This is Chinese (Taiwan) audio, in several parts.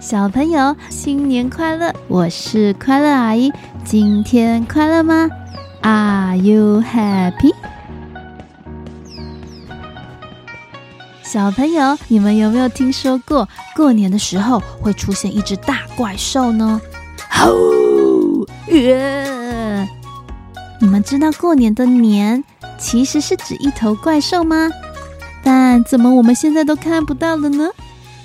小朋友，新年快樂！我是快樂阿姨，今天快樂嗎？Are you happy？小朋友，你們有沒有聽說過過年的時候會出現一隻大怪獸呢？吼！耶！你們知道過年的“年”其實是指一頭怪獸嗎？但怎麼我們現在都看不到了呢？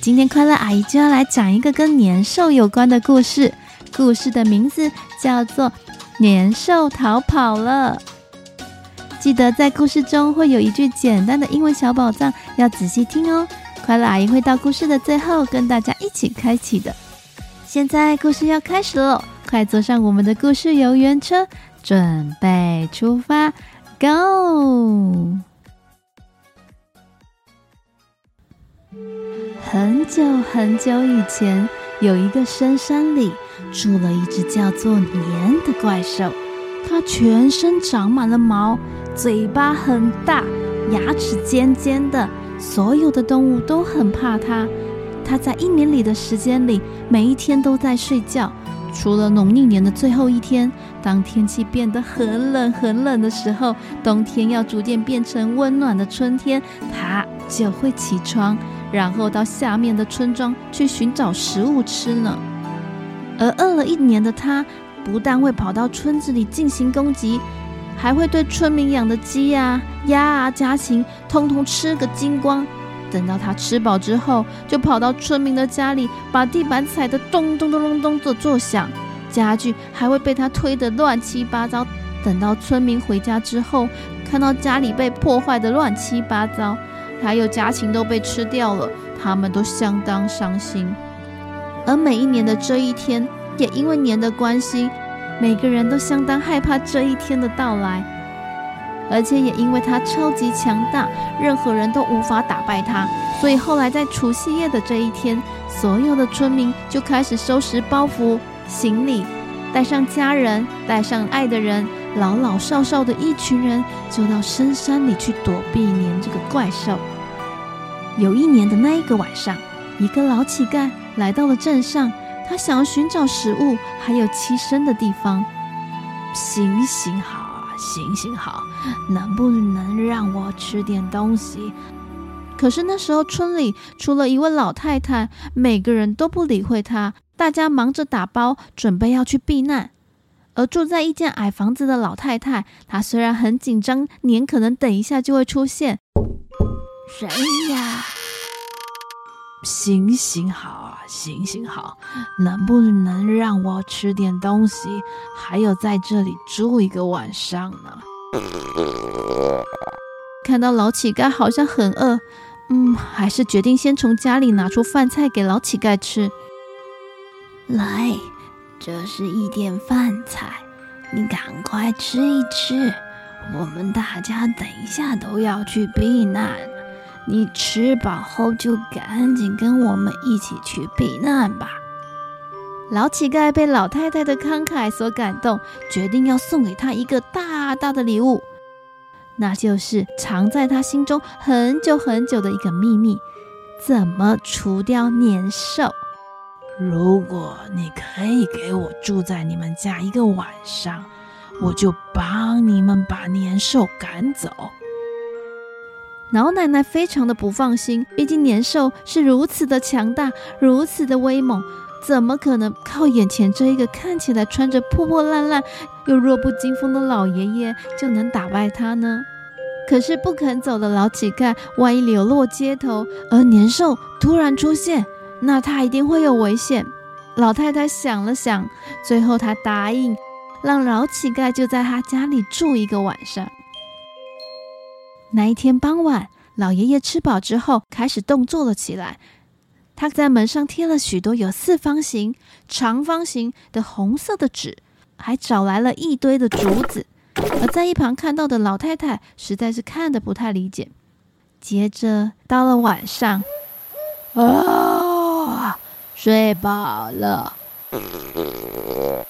今天快樂阿姨就要來講一個跟年獸有關的故事，故事的名字叫做《年獸逃跑了》。記得在故事中會有一句簡單的英文小寶藏，要仔細聽哦。快樂阿姨會到故事的最後跟大家一起開啟的。現在故事要開始嘍，快坐上我們的故事遊園車，準備出發，Go！很久很久以前，有一個深山裡住了一隻叫做年的怪獸。它全身長滿了毛，嘴巴很大，牙齒尖尖的。所有的動物都很怕它。它在一年裡的時間裡，每一天都在睡覺，除了農曆年的最後一天。當天氣變得很冷、很冷的時候，冬天要逐漸變成溫暖的春天，它就會起床。然後到下面的村莊去尋找食物吃呢。而餓了一年的他，不但會跑到村子裡進行攻擊，還會對村民養的雞呀、啊、鴨啊、家禽通通吃個精光。等到他吃飽之後，就跑到村民的家裡，把地板踩得咚咚咚咚咚的作響，家具還會被他推得亂七八糟。等到村民回家之後，看到家裡被破壞的亂七八糟。還有家禽都被吃掉了，他們都相當傷心。而每一年的這一天，也因為年的關係，每個人都相當害怕這一天的到來。而且也因為他超級強大，任何人都無法打敗他，所以後來在除夕夜的這一天，所有的村民就開始收拾包袱、行李，帶上家人，帶上愛的人。老老少少的一群人，就到深山裡去躲避年這個怪獸。有一年的那一個晚上，一個老乞丐來到了鎮上，他想要尋找食物，還有棲身的地方。行行好啊，行行好，能不能讓我吃點東西？可是那時候村裡除了一位老太太，每個人都不理會他，大家忙着打包，準備要去避難。而住在一間矮房子的老太太，她雖然很緊張，年可能等一下就會出現。誰呀？行行好啊，行行好，能不能讓我吃點東西？還有在這裡住一個晚上呢？ 看到老乞丐好像很餓，嗯，還是決定先從家裡拿出飯菜給老乞丐吃。來。這是一點飯菜，你趕快吃一吃。我們大家等一下都要去避難，你吃飽後就趕緊跟我們一起去避難吧。老乞丐被老太太的慷慨所感動，決定要送給她一個大大的禮物，那就是藏在他心中很久很久的一個秘密，怎麼除掉年獸。如果你可以給我住在你們家一個晚上，我就幫你們把年獸趕走。老奶奶非常的不放心，畢竟年獸是如此的強大，如此的威猛，怎麼可能靠眼前這一個看起來穿着破破爛爛，又弱不禁風的老爺爺就能打敗他呢？可是不肯走的老乞丐，萬一流落街頭，而年獸突然出現。那他一定會有危險。老太太想了想，最後她答應，讓老乞丐就在他家裡住一個晚上。那一天傍晚，老爺爺吃飽之後開始動作了起來。他在門上貼了許多有四方形、長方形的紅色的紙，還找來了一堆的竹子。而在一旁看到的老太太實在是看得不太理解。接着到了晚上，啊！啊，睡飽了！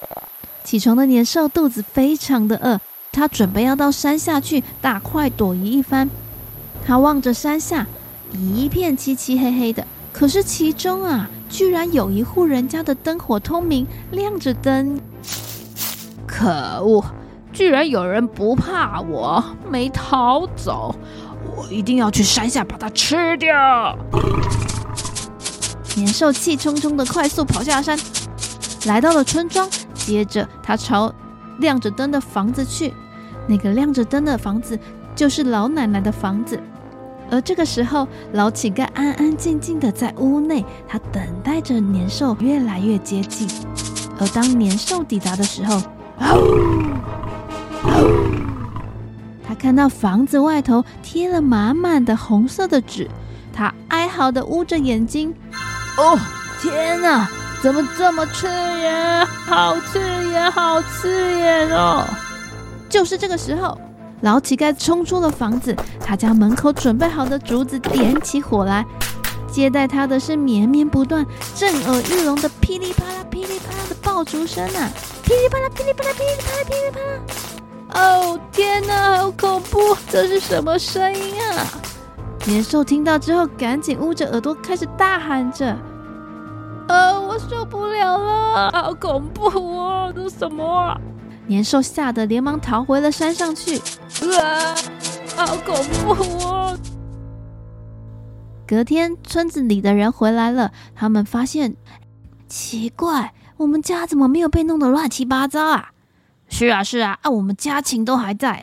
起床的年獸肚子非常的餓，他準備要到山下去大快朵頤一番。他望着山下，一片漆漆黑黑的，可是其中啊，居然有一戶人家的燈火通明，亮着燈。 可惡，居然有人不怕我，沒逃走，我一定要去山下把它吃掉。 年獸氣衝衝的快速跑下山，來到了村莊。接着，他朝亮着燈的房子去。那個亮着燈的房子就是老奶奶的房子。而這個時候，老乞丐安安靜靜的在屋內，他等待着年獸越來越接近。而當年獸抵達的時候， 他看到房子外頭貼了滿滿的紅色的紙，他哀嚎的捂着眼睛。哦，天吶，怎麼這麼刺眼？好刺眼，好刺眼哦！就是這個時候，老乞丐衝出了房子，他家門口準備好的竹子點起火來。接待他的是綿綿不斷、震耳欲聾的噼裡啪啦、噼裡啪啦的爆竹聲啊！噼裡啪啦、噼裡啪啦、噼裡啪啦、噼裡啪啦！哦，天吶，好恐怖！這是什麼聲音啊？年獸聽到之後，趕緊捂着耳朵，開始大喊着：“呃，我受不了了，好恐怖啊，這是什麼啊？”年獸嚇得連忙逃回了山上去。啊，好恐怖啊。隔天，村子裡的人回來了，他們發現奇怪，我們家怎麼沒有被弄得亂七八糟啊？是啊，是啊，啊，我們家禽都還在。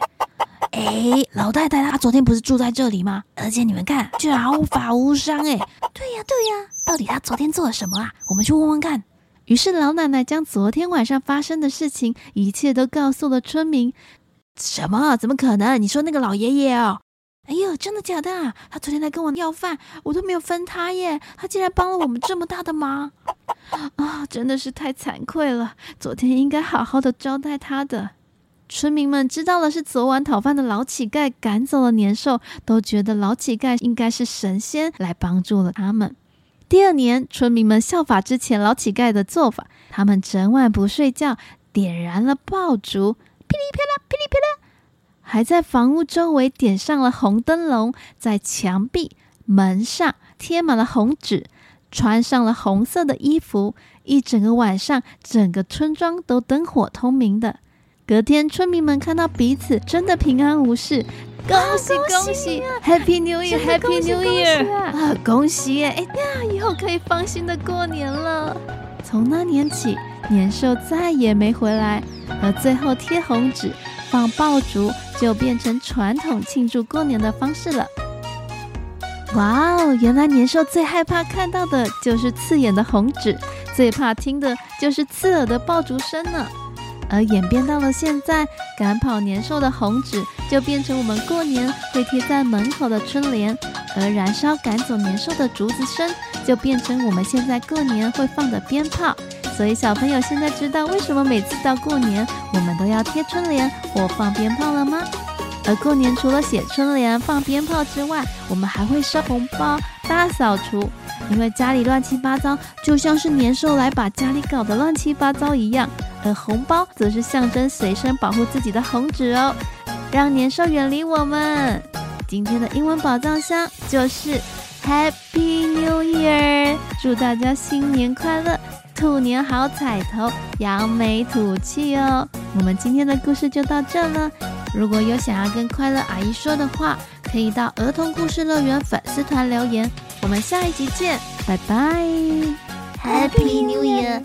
哎，老太太，她昨天不是住在這裡嗎？而且你們看，居然毫髮無傷誒！哎，對呀，對呀，到底她昨天做了什麼啊？我們去問問看。於是老奶奶將昨天晚上發生的事情，一切都告訴了村民。什麼？怎麼可能？你說那個老爺爺哦，哎呦，真的假的啊？他昨天來跟我要飯，我都沒有分他耶。他竟然幫了我們這麼大的忙，啊、哦，真的是太慚愧了。昨天應該好好的招待他的。村民們知道了是昨晚討飯的老乞丐趕走了年獸，都覺得老乞丐應該是神仙來幫助了他們。第二年，村民們效法之前老乞丐的做法，他們整晚不睡覺，點燃了爆竹，噼裡啪啦，噼裡啪啦，還在房屋周圍點上了紅燈籠，在牆壁、門上貼滿了紅紙，穿上了紅色的衣服，一整個晚上，整個村莊都燈火通明的。隔天，村民們看到彼此真的平安無事，恭喜恭喜！Happy New Year，Happy New Year！啊，恭喜耶，哎呀，以後可以放心的過年了。從那年起，年獸再也沒回來，而最後貼紅紙、放爆竹，就變成傳統慶祝過年的方式了。哇哦，原來年獸最害怕看到的就是刺眼的紅紙，最怕聽的就是刺耳的爆竹聲呢。而演變到了現在，趕跑年獸的紅紙就變成我們過年會貼在門口的春聯，而燃燒趕走年獸的竹子聲就變成我們現在過年會放的鞭炮。所以小朋友現在知道為什麼每次到過年我們都要貼春聯或放鞭炮了嗎？而過年除了寫春聯、放鞭炮之外，我們還會收紅包。大掃除，因為家裡亂七八糟，就像是年獸來把家裡搞得亂七八糟一樣。而紅包則是象徵隨身保護自己的紅紙哦，讓年獸遠離我們。今天的英文寶藏箱就是 Happy New Year，祝大家新年快樂，兔年好彩頭，揚眉吐氣哦。我們今天的故事就到這了，如果有想要跟快樂阿姨說的話。可以到兒童故事樂園粉絲團留言，我們下一集見，拜拜，Happy New Year。